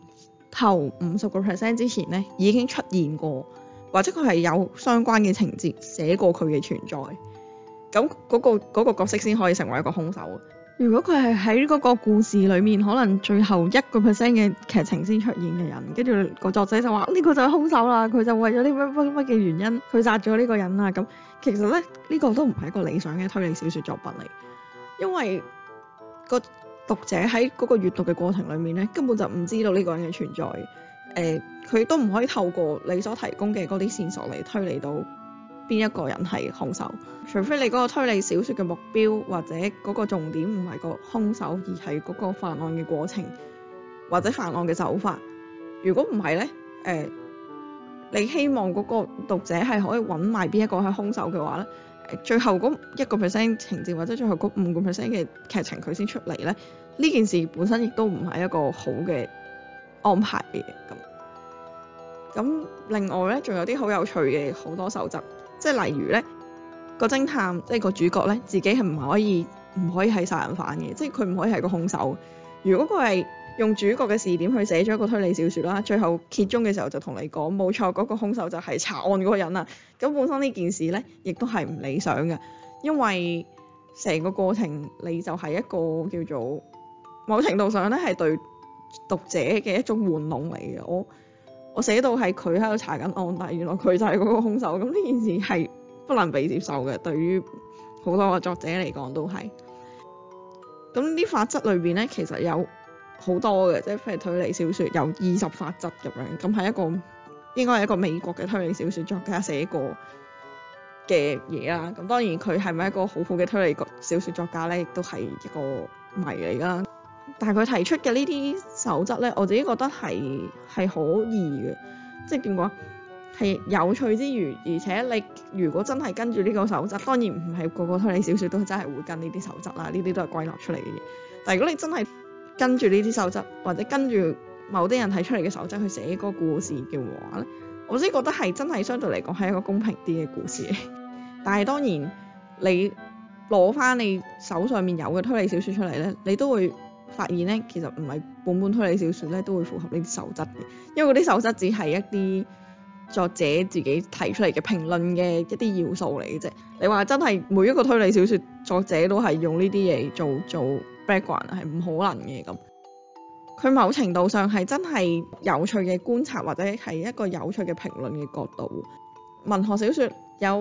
頭五十個 percent 之前咧已經出現過。或者佢係有相關嘅情節寫過佢嘅存在，咁嗰個嗰個角色先可以成為一個兇手。如果佢係喺嗰個故事裡面，可能最後一個 percent 嘅劇情先出現嘅人，跟住個作者就話呢個就係兇手啦，佢就為咗啲乜乜乜嘅原因，佢殺咗呢個人啦。咁其實咧呢個都唔係一個理想嘅推理小說作品嚟，因為個讀者喺嗰個閲讀嘅過程裡面咧，根本就唔知道呢個人嘅存在。誒、呃。佢都唔可以透過你所提供嘅嗰啲線索嚟推理到邊一個人係兇手，除非你嗰個推理小説嘅目標或者嗰個重點唔係個兇手，而係嗰個犯案嘅過程或者犯案嘅手法。如果唔係咧，誒、呃，你希望嗰個讀者係可以揾埋邊一個係兇手嘅話咧，最後一個 percent 情節或者最後嗰五個 percent 嘅劇情佢先出嚟咧，呢件事本身亦都唔係一個好嘅安排嘅咁。咁另外咧，仲有啲好有趣嘅好多守則，即係例如咧，個偵探，即係個主角咧，自己係唔可以唔可以係殺人犯嘅，即係佢唔可以係個兇手。如果佢係用主角嘅視點去寫咗一個推理小説啦，最後揭盅嘅時候就同你講，冇錯，嗰個兇手就係查案嗰個人啊。咁本身呢件事咧，亦都係唔理想嘅，因為成個過程你就係一個叫做某程度上咧係對讀者嘅一種玩弄嚟嘅。我我寫到係佢喺度查緊案底，但原來佢就係嗰個兇手，咁呢件事係不能被接受嘅，對於好多個作者嚟講都係。咁啲法則裏邊咧，其實有好多嘅，即係譬如推理小説有二十法則咁樣，咁係一個應該係一個美國嘅推理小説作家寫過嘅嘢啦。咁當然佢係咪一個好好嘅推理小説作家咧，亦都係一個謎嚟㗎啦。但係佢提出嘅呢啲守則咧，我自己覺得係係可以嘅，即係點講係有趣之餘，而且你如果真係跟住呢個守則，當然唔係個個推理小説都真係會跟呢啲守則啦，呢啲都係歸納出嚟嘅嘢。但係如果你真係跟住呢啲守則，或者跟住某啲人提出嚟嘅守則去寫嗰個故事嘅話咧，我自己覺得係真係相對嚟講係一個公平啲嘅故事。但係當然你攞翻你手上面有嘅推理小説出嚟咧，你都會發現咧，其實唔係本本推理小説咧都會符合呢啲守則嘅。因為嗰啲守則只係一啲作者自己提出嚟嘅評論嘅一啲要素嚟嘅啫。你話真係每一個推理小説作者都係用呢啲嘢做做 background 係唔可能嘅。咁佢某程度上係真係有趣嘅觀察，或者係一個有趣嘅評論嘅角度。文學小説有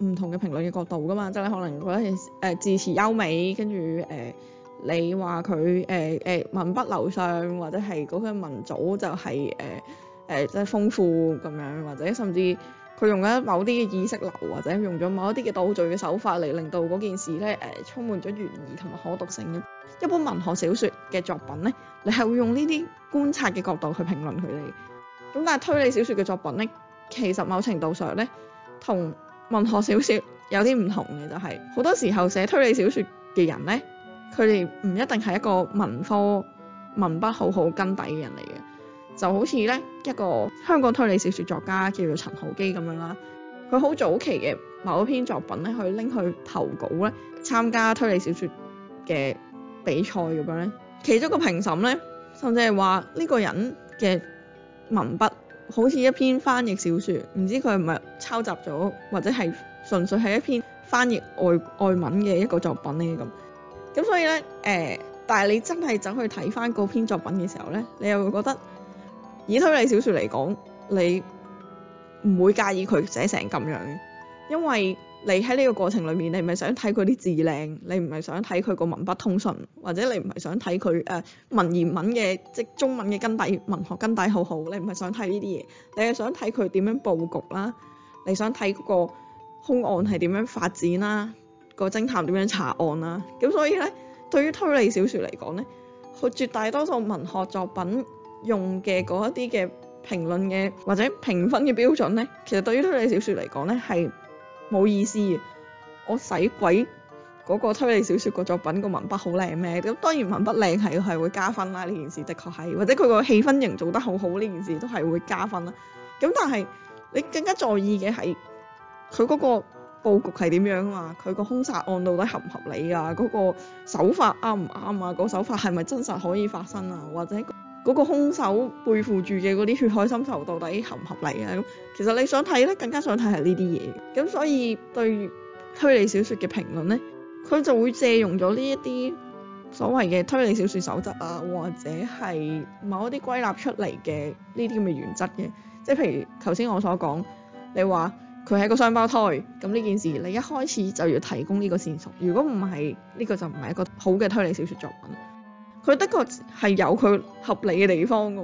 唔同嘅評論嘅角度㗎嘛，即係你可能覺得啲字詞優美，跟住誒。呃你話佢誒誒文筆流暢，或者係嗰個文藻就係誒誒即係豐富咁樣，或者甚至佢用咗某啲嘅意識流，或者用咗某一啲嘅倒敘嘅手法嚟令到嗰件事咧誒、呃、充滿咗懸疑同埋可讀性咯。一般文學小説嘅作品咧，你係會用呢啲觀察嘅角度去評論佢哋。咁但係推理小説嘅作品咧，其實某程度上咧，同文學小説有啲唔同嘅，就係、是、好多時候寫推理小説嘅人咧。佢哋唔一定係一個文科文筆好好根底嘅人嚟嘅，就好似咧一個香港推理小說作家叫做陳浩基咁樣啦。佢好早期嘅某一篇作品咧，去拎去投稿咧，參加推理小說嘅比賽噉樣咧，其中個評審咧，甚至係話呢個人嘅文筆好似一篇翻譯小說，唔知佢係咪抄襲咗，或者係純粹係一篇翻譯外外文嘅一個作品呢咁。咁所以咧，誒、呃，但係你真係走去睇翻嗰篇作品嘅時候咧，你又會覺得以推理小說嚟講，你唔會介意佢寫成咁樣，因為你喺呢個過程裏面，你唔係想睇佢啲字靚，你唔係想睇佢個文筆通順，或者你唔係想睇佢誒文言文嘅即中文嘅根底文學根底好好，你唔係想睇呢啲嘢，你係想睇佢點樣佈局啦，你想睇嗰個兇案係點樣發展啦。個偵探點樣查案啦、啊？咁所以咧，對於推理小説嚟講咧，佢絕大多數文學作品用嘅嗰一啲嘅評論嘅或者評分嘅標準咧，其實對於推理小説嚟講咧係冇意思嘅。我使鬼嗰個推理小説個作品個文筆好靚咩？咁當然文筆靚係係會加分啦，呢件事的確係，或者佢個氣氛營造得好好呢件事都係會加分啦。咁但係你更加在意嘅係佢嗰個。布局係點樣啊嘛？佢個兇殺案到底合唔合理啊？嗰個手法啱唔啱啊？嗰手法係咪真實可以發生啊？或者嗰個兇手背負住嘅嗰啲血海深仇到底合唔合理啊？咁其實你想睇咧，更加想睇係呢啲嘢。咁所以對推理小説嘅評論咧，佢就會借用咗呢一啲所謂嘅推理小説守則啊，或者係某一啲歸納出嚟嘅呢啲咁嘅原則嘅。即係譬如頭先我所講，你話。佢係一個雙胞胎，咁呢件事你一開始就要提供呢個線索。如果唔係，呢個就唔係一個好嘅推理小説作品。佢的確係有佢合理嘅地方嘅，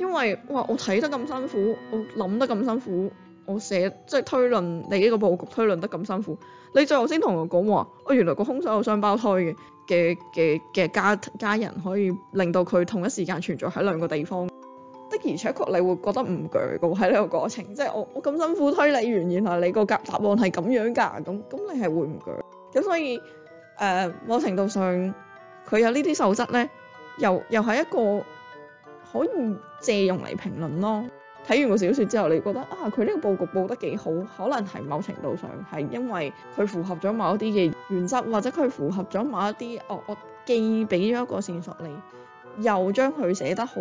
因為哇，我睇得咁辛苦，我諗得咁辛苦，我寫即係推論你呢個佈局推論得咁辛苦，你最後先同我講話，我，哦，原來個兇手有雙胞胎嘅嘅嘅家家人可以令到佢同一時間存在喺兩個地方。而且確你會覺得唔攰嘅喎，喺呢個過程，即係我我咁辛苦推理完，原來你個答答案係咁樣㗎，咁咁你係會唔攰？咁所以誒、呃、某程度上佢有呢啲素質咧，又又係一個可以借用嚟評論咯。睇完個小説，之後，你覺得啊，佢呢個佈局佈得幾好，可能係某程度上係因為佢符合咗某一啲嘅原則，或者佢符合咗某一啲，我我既俾咗一個線索你，又將佢寫得好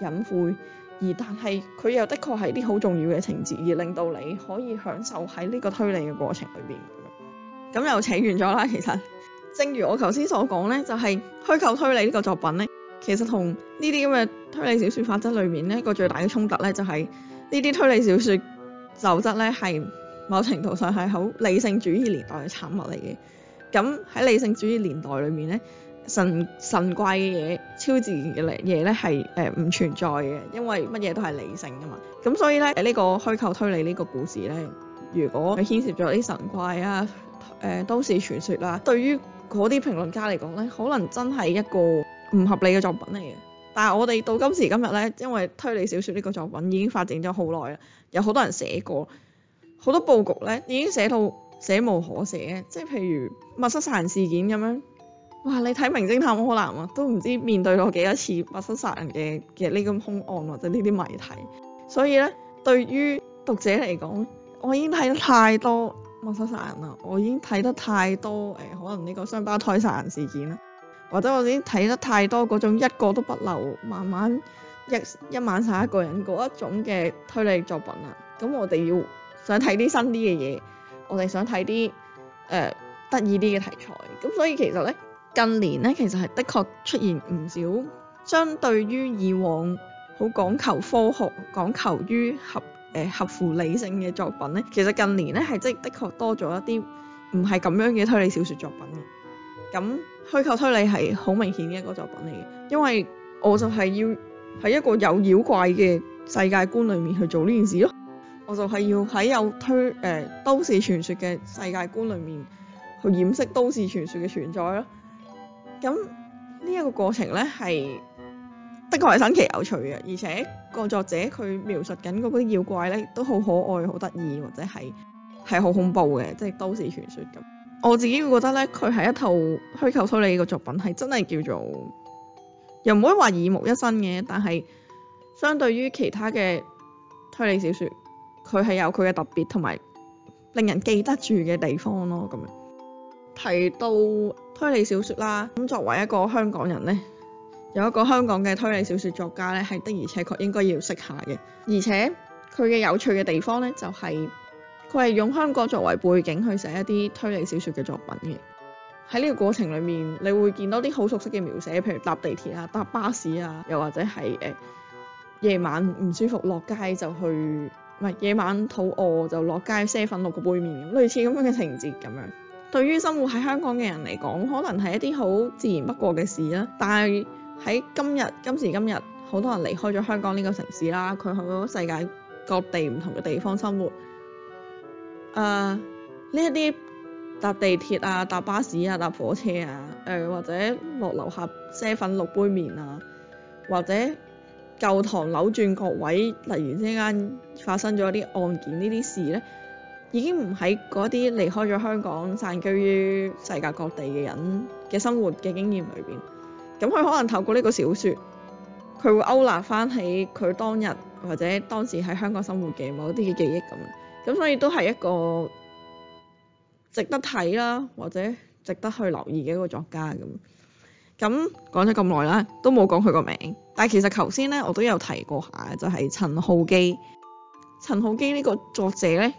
隱晦，而但係佢又的確係啲好重要嘅情節，而令到你可以享受喺呢個推理嘅過程裏邊。咁又扯完咗啦。其實，正如我頭先所講咧，就係、是、虛構推理呢、這個作品咧，其實同呢啲咁嘅推理小説法則裏面呢一個最大嘅衝突咧、就是，就係呢啲推理小説就質咧係某程度上係好理性主義年代嘅產物嚟嘅。咁喺理性主義年代裏面咧。神神怪嘅嘢、超自然嘅嘢咧，係誒唔存在嘅，因為乜嘢都係理性噶嘛。咁所以咧，呢個虛構推理呢個故事咧，如果牽涉咗啲神怪啊、誒、呃、都市傳說啦、啊，對於嗰啲評論家嚟講咧，可能真係一個唔合理嘅作品嚟嘅。但係我哋到今時今日咧，因為推理小説呢個作品已經發展咗好耐啦，有好多人寫過，好多佈局咧已經寫到寫無可寫，即係譬如密室殺人事件咁樣。哇！你睇《名偵探柯南》難啊，都唔知面對咗幾多次密室殺人嘅嘅呢咁兇案或者呢啲謎題。所以咧，對於讀者嚟講，我已經睇得太多密室殺人案，我已經睇得太多、呃、可能呢個雙胞胎殺人事件啦，或者我已經睇得太多嗰種一個都不留，慢慢一一晚殺一個人嗰一種嘅推理作品啦。咁我哋要想睇啲新啲嘅嘢，我哋想睇啲得意啲嘅題材。咁所以其實呢。近年咧，其實係的確出現唔少，相對於以往好講求科學、講求於合誒、呃、合乎理性嘅作品咧，其實近年咧係即係的確多咗一啲唔係咁樣嘅推理小說作品嘅。咁虛構推理係好明顯嘅一個作品嚟嘅，因為我就係要喺一個有妖怪嘅世界觀裡面去做呢件事咯，我就係要喺有推誒、呃、都市傳說嘅世界觀裡面去掩飾都市傳說嘅存在咯。咁呢一個過程咧係的確係新奇有趣嘅，而且個作者佢描述緊嗰啲妖怪咧都好可愛、好得意，或者係係好恐怖嘅，即係都市傳說咁。我自己會覺得咧，佢係一套虛構推理嘅作品，係真係叫做又唔可以話耳目一新嘅，但係相對於其他嘅推理小説，佢係有佢嘅特別同埋令人記得住嘅地方咯咁樣。係到推理小説啦。咁作為一個香港人呢，有一個香港嘅推理小説作家呢，係的而且確應該要識下嘅。而且佢嘅有趣嘅地方呢，就係佢係用香港作為背景去寫一啲推理小説嘅作品嘅。喺呢個過程裡面，你會見到啲好熟悉嘅描寫，譬如搭地鐵啊、搭巴士啊，又或者係誒夜晚唔舒服落街就去，唔係夜晚肚餓就落街啡粉落個杯麪咁，類似咁樣嘅情節咁樣。對於生活喺香港嘅人嚟講，可能係一啲好自然不過嘅事。但係喺今日今時今日，好多人離開咗香港呢個城市啦，佢去咗世界各地唔同嘅地方生活。誒呢一啲搭地鐵啊、搭巴士啊、搭火車啊，呃、或者落樓下瀉粉、落杯麵啊，或者舊唐樓轉角位，突然之間發生咗一啲案件呢啲事呢。已經唔喺嗰啲離開咗香港、散居於世界各地嘅人嘅生活嘅經驗裏邊，咁佢可能透過呢個小説，佢會勾勒翻起佢當日或者當時喺香港生活嘅某啲嘅記憶咁。咁所以都係一個值得睇啦，或者值得去留意嘅一個作家咁。咁講咗咁耐啦，都冇講佢個名，但係其實頭先咧我都有提過下，就係陳浩基。陳浩基呢個作者咧。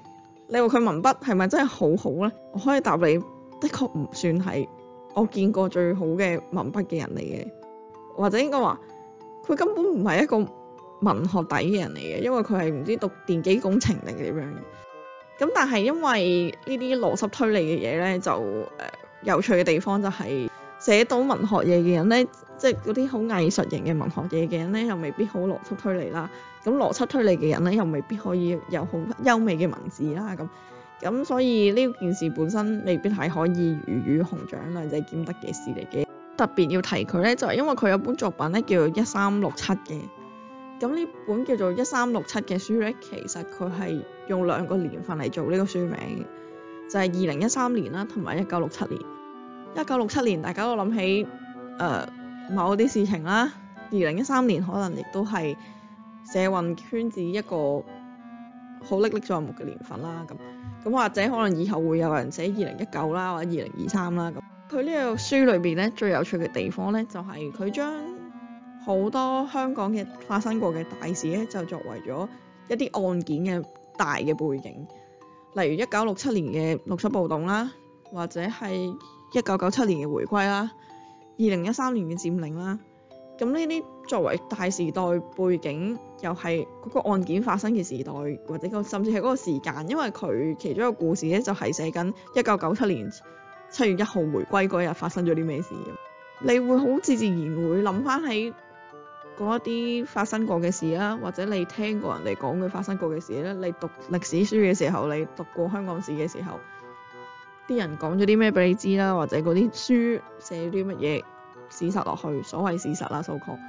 你話佢文筆係咪真係好好咧？我可以答你，的確唔算係我見過最好嘅文筆嘅人嚟嘅，或者應該話佢根本唔係一個文學底嘅人嚟嘅，因為佢係唔知讀電機工程定係點樣嘅。咁但係因為呢啲邏輯推理嘅嘢咧，就誒、呃、有趣嘅地方就係寫到文學嘢嘅人咧。即係嗰啲好藝術型嘅文學嘢嘅人咧，又未必好邏輯推理啦。咁邏輯推理嘅人咧，又未必可以有好優美嘅文字啦。咁咁所以呢件事本身未必係可以魚與熊掌兩者兼得嘅事嚟嘅。特別要提佢咧，就係因為佢有本作品咧，叫做《一三六七》嘅。咁呢本叫做《一三六七》嘅書咧，其實佢係用兩個年份嚟做呢個書名，就係二零一三年啦，同埋一九六七年。一九六七年大家都諗起誒。呃某啲事情啦，二零一三年可能亦都係社運圈子一個好歷歷在目嘅年份啦。咁咁或者可能以後會有人寫二零一九啦，或者二零二三啦。咁佢呢個書裏邊咧，最有趣嘅地方咧，就係佢將好多香港嘅發生過嘅大事咧，就作為咗一啲案件嘅大嘅背景，例如一九六七年嘅六七暴動啦，或者係一九九七年嘅回歸啦。二零一三年嘅佔領啦，咁呢啲作為大時代背景，又係嗰個案件發生嘅時代，或者個甚至係嗰個時間，因為佢其中一個故事咧，就係寫緊一九九七年七月一號回歸嗰日發生咗啲咩事。你會好自然會諗翻喺嗰一啲發生過嘅事啦，或者你聽過人哋講佢發生過嘅事咧，你讀歷史書嘅時候，你讀過香港史嘅時候。啲人講咗啲咩畀你知啦，或者嗰啲書寫咗啲乜嘢事實落去，所謂事實啦，so-called。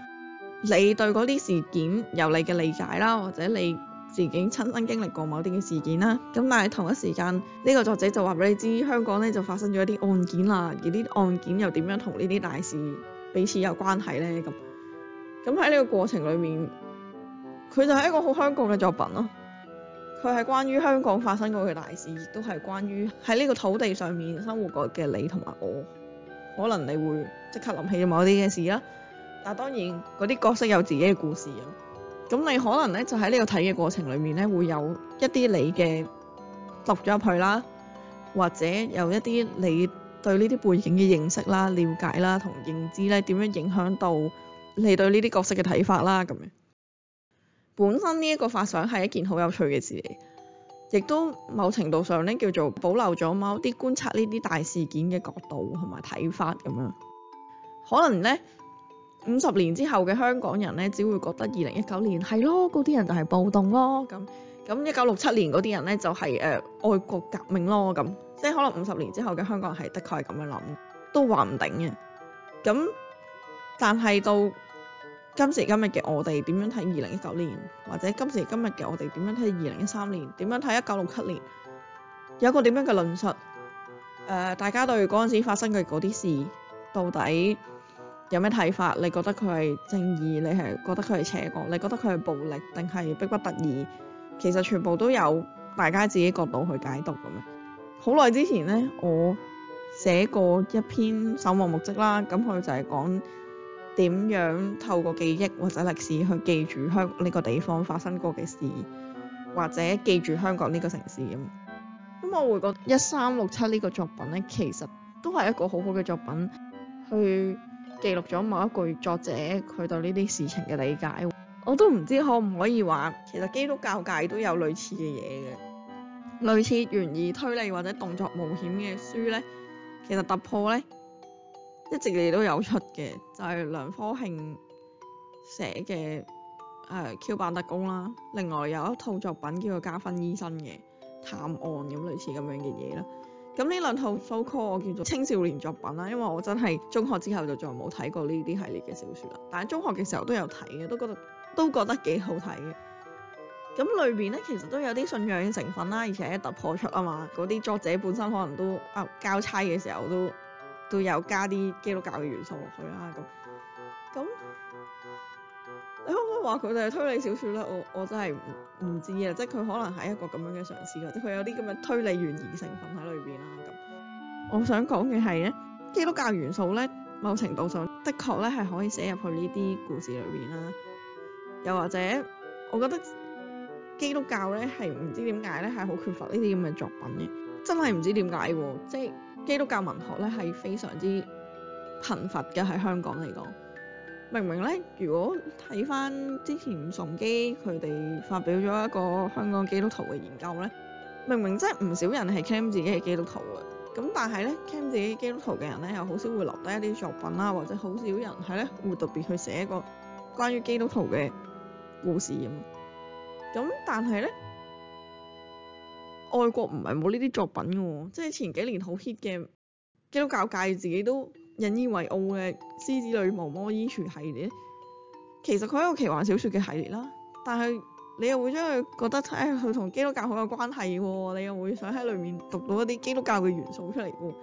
你對嗰啲事件有你嘅理解啦，或者你自己親身經歷過某啲嘅事件啦。咁但係同一時間，呢、這個作者就話畀你知香港咧就發生咗一啲案件啦，而啲案件又點樣同呢啲大事彼此有關係咧？咁咁喺呢個過程裡面，佢就係一個好香港嘅作品咯。佢係關於香港發生過嘅大事，亦都係關於喺呢個土地上面生活過嘅你同埋我。可能你會即刻諗起某啲嘅事啦。但當然，嗰啲角色有自己嘅故事咁。咁你可能咧就喺呢個睇嘅過程裏面咧，會有一啲你嘅落咗入去啦，或者有一啲你對呢啲背景嘅認識啦、了解啦同認知咧，點樣影響到你對呢啲角色嘅睇法啦咁樣。本身呢一個發想係一件好有趣嘅事嚟，亦都某程度上咧叫做保留咗某啲觀察呢啲大事件嘅角度同埋睇法咁樣。可能呢，五十年之後嘅香港人咧，只會覺得二零一九年係咯，嗰啲人就係暴動咯咁。咁一九六七年嗰啲人咧就係、是、誒、呃、愛國革命咯咁。即係可能五十年之後嘅香港人係的確係咁樣諗，都話唔定嘅。咁但係到今時今日嘅我哋點樣睇二零一九年，或者今時今日嘅我哋點樣睇二零一三年，點樣睇一九六七年，有個點樣嘅論述？誒、呃，大家對嗰陣時發生嘅嗰啲事到底有咩睇法？你覺得佢係正義，你係覺得佢係邪惡，你覺得佢係暴力定係逼不得已？其實全部都有大家自己角度去解讀咁樣。好耐之前咧，我寫過一篇《守望目擊》啦，咁佢就係講。點樣透過記憶或者歷史去記住香港呢個地方發生過嘅事，或者記住香港呢個城市咁。咁我會覺得《一三六七》呢個作品咧，其實都係一個好好嘅作品，去記錄咗某一個作者佢對呢啲事情嘅理解。我都唔知道可唔可以話，其實基督教界都有類似嘅嘢嘅，類似懸疑推理或者動作冒險嘅書呢，其實突破呢，一直嚟都有出嘅，就係梁科慶寫嘅誒《Q 版特工》啦，另外有一套作品叫做《加分醫生》嘅探案咁，類似咁樣嘅嘢啦。咁呢兩套書我叫做青少年作品啦，因為我真係中學之後就再冇睇過呢啲系列嘅小說啦。但係中學嘅時候都有睇嘅，都覺得都覺得幾好睇嘅。咁裏邊咧其實都有啲信仰成分啦，而且突破出啊嘛，嗰啲作者本身可能都啊交差嘅時候都。都有加啲基督教嘅元素落去啦，咁咁你可唔可以話佢哋係推理小説咧？我我真係唔唔知啊，即係佢可能係一個咁樣嘅嘗試啊，即佢有啲咁嘅推理懸疑成分喺裏邊啦。咁我想講嘅係咧，基督教元素咧，某程度上的確咧係可以寫入去呢啲故事裏邊啦。又或者我覺得基督教咧係唔知點解咧係好缺乏呢啲咁嘅作品嘅，真係唔知點解喎，即係。基督教文學咧係非常之貧乏嘅，喺香港嚟講。明明咧，如果睇翻之前崇基佢哋發表咗一個香港基督徒嘅研究咧，明明真係唔少人係 claim 自己係基督徒嘅，咁但係咧，claim 自己基督徒嘅人咧又好少會留低一啲作品啦，或者好少人係咧會特別去寫一個關於基督徒嘅故事咁。咁但係咧。外國唔係冇呢啲作品喎，即係前幾年好 hit 嘅基督教界自己都引以為傲嘅《獅子、女巫、魔衣櫥》系列，其實佢係一個奇幻小説嘅系列啦。但係你又會將佢覺得誒佢同基督教好有關係喎，你又會想喺裏面讀到一啲基督教嘅元素出嚟喎。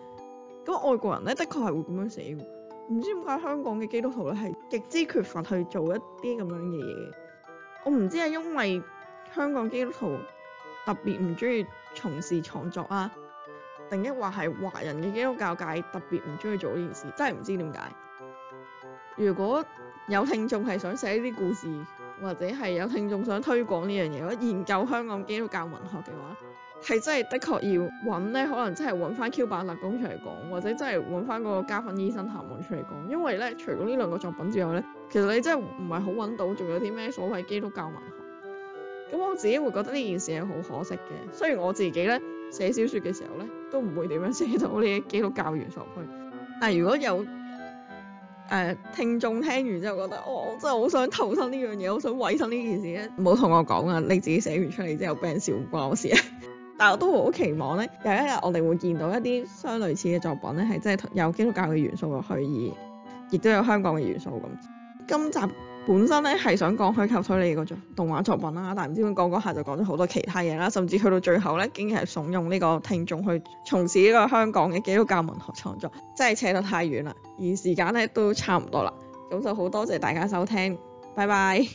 咁外國人咧，的確係會咁樣寫嘅。唔知點解香港嘅基督徒咧係極之缺乏去做一啲咁樣嘅嘢。我唔知係因為香港基督徒。特別唔鍾意從事創作啊，定一話係華人嘅基督教界特別唔鍾意做呢件事，真係唔知點解。如果有聽眾係想寫呢啲故事，或者係有聽眾想推廣呢樣嘢，或者研究香港基督教文學嘅話，係真係的，的確要揾咧，可能真係揾翻《Q 版特工》出嚟講，或者真係揾翻個《家訓醫生探望》出嚟講，因為咧，除咗呢兩個作品之後咧，其實你真係唔係好揾到，仲有啲咩所謂基督教文學？咁我自己會覺得呢件事係好可惜嘅。雖然我自己咧寫小説嘅時候咧都唔會點樣寫到呢啲基督教元素入去，但係如果有誒、呃、聽眾聽完之後覺得、哦、我真係好想投身呢樣嘢，好想委身呢件事咧，唔好同我講啊！你自己寫完出嚟之後俾人笑唔關我事啊！但係我都好期望咧，有一日我哋會見到一啲相類似嘅作品咧，係真係有基督教嘅元素落去，而亦都有香港嘅元素咁。今集本身呢係想講虛構推理嗰種動畫作品啦，但係唔知點講嗰下就講咗好多其他嘢啦，甚至去到最後呢，竟然係慫恿呢個聽眾去從事呢個香港嘅基督教文學創作，真係扯得太遠啦。而時間呢都差唔多啦，咁就好多謝大家收聽，拜拜。